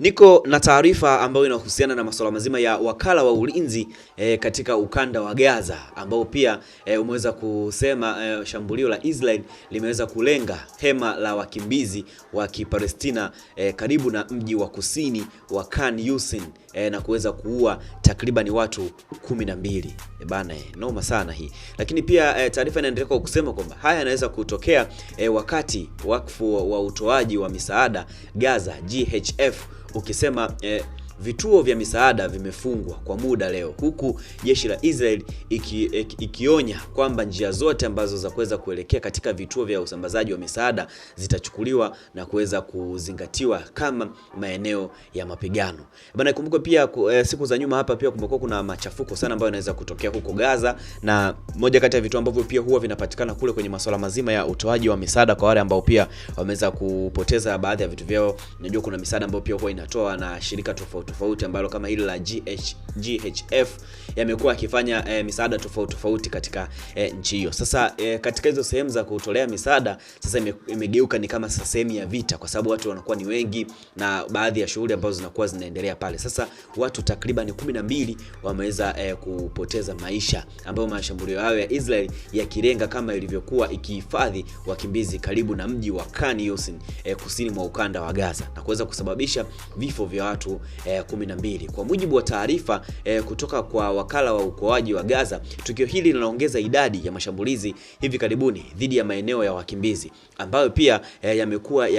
Niko na taarifa ambayo inahusiana na masuala mazima ya wakala wa ulinzi e, katika ukanda wa Gaza ambao pia e, umeweza kusema e, shambulio la Israel limeweza kulenga hema la wakimbizi wa Kipalestina e, karibu na mji wa kusini wa Khan Yunis e, na kuweza kuua takriban watu kumi na mbili. E bana, eh, noma sana hii. Lakini pia e, taarifa inaendelea kwa kusema kwamba haya yanaweza kutokea e, wakati wakfu wa utoaji wa misaada Gaza GHF ukisema e, Vituo vya misaada vimefungwa kwa muda leo, huku jeshi la Israel iki, ikionya kwamba njia zote ambazo za kuweza kuelekea katika vituo vya usambazaji wa misaada zitachukuliwa na kuweza kuzingatiwa kama maeneo ya mapigano. Bana, kumbuka pia eh, siku za nyuma hapa pia kumekuwa kuna machafuko sana ambayo yanaweza kutokea huko Gaza, na moja kati ya vitu ambavyo pia huwa vinapatikana kule kwenye masuala mazima ya utoaji wa misaada kwa wale ambao pia wameweza kupoteza baadhi ya vitu vyao. Najua kuna misaada ambayo pia huwa inatoa na shirika tofauti tofauti ambalo kama hili la GH, GHF yamekuwa akifanya e, eh, misaada tofauti tofauti katika e, nchi hiyo. Sasa e, katika hizo sehemu za kutolea misaada sasa imegeuka ni kama sehemu ya vita, kwa sababu watu wanakuwa ni wengi na baadhi ya shughuli ambazo zinakuwa zinaendelea pale. Sasa watu takriban kumi na mbili wameweza e, kupoteza maisha, ambayo mashambulio hayo ya Israel yakilenga kama ilivyokuwa ikihifadhi wakimbizi karibu na mji wa Khan Younis e, kusini mwa ukanda wa Gaza na kuweza kusababisha vifo vya watu e, ya 12. Kwa mujibu wa taarifa eh, kutoka kwa wakala wa uokoaji wa Gaza, tukio hili linaongeza idadi ya mashambulizi hivi karibuni dhidi ya maeneo ya wakimbizi ambayo pia eh, yamekuwa eh,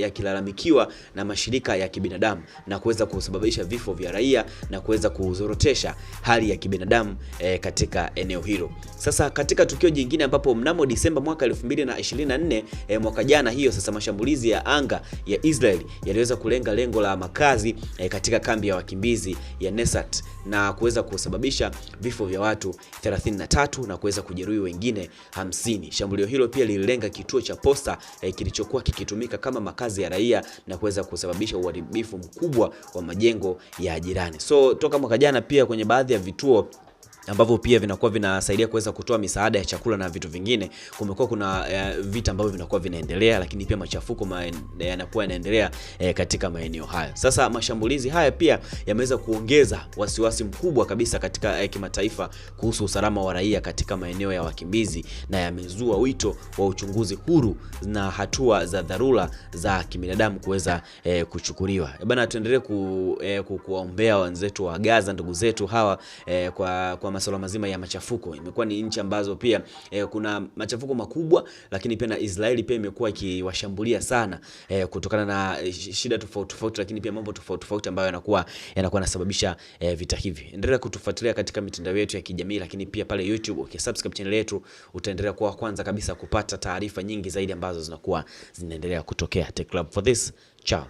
yakilalamikiwa eh, ya na mashirika ya kibinadamu na kuweza kusababisha vifo vya raia na kuweza kuzorotesha hali ya kibinadamu eh, katika eneo hilo. Sasa katika tukio jingine ambapo mnamo Disemba mwaka 2024 eh, mwaka jana hiyo sasa mashambulizi ya anga ya Israel yaliweza kulenga lengo la makazi eh, katika kambi ya wakimbizi ya Nesat na kuweza kusababisha vifo vya watu 33 na kuweza kujeruhi wengine 50. Shambulio hilo pia lililenga kituo cha posta eh, kilichokuwa kikitumika kama makazi ya raia na kuweza kusababisha uharibifu mkubwa wa majengo ya jirani. So toka mwaka jana pia kwenye baadhi ya vituo ambavyo pia vinakuwa vinasaidia kuweza kutoa misaada ya chakula na vitu vingine. Kumekuwa kuna e, vita ambavyo vinakuwa vinaendelea, lakini pia machafuko yanakuwa yanaendelea e, katika maeneo hayo. Sasa mashambulizi haya pia yameweza kuongeza wasiwasi mkubwa kabisa katika e, kimataifa kuhusu usalama wa raia katika maeneo ya wakimbizi na yamezua wito wa uchunguzi huru na hatua za dharura za kibinadamu kuweza e, kuchukuliwa. Bana, tuendelee ku, e, kuwaombea wenzetu wa Gaza, ndugu zetu hawa e, kwa, kwa masuala mazima ya machafuko. Imekuwa ni nchi ambazo pia e, kuna machafuko makubwa, lakini pia na Israeli pia imekuwa ikiwashambulia sana e, kutokana na eh, shida tofauti tofauti, lakini pia mambo tofauti tofauti ambayo yanakuwa yanakuwa yanasababisha e, vita hivi. Endelea kutufuatilia katika mitandao yetu ya kijamii, lakini pia pale YouTube ukisubscribe okay, channel yetu utaendelea kuwa kwanza kabisa kupata taarifa nyingi zaidi ambazo zinakuwa zinaendelea kutokea. Tech club for this. Ciao.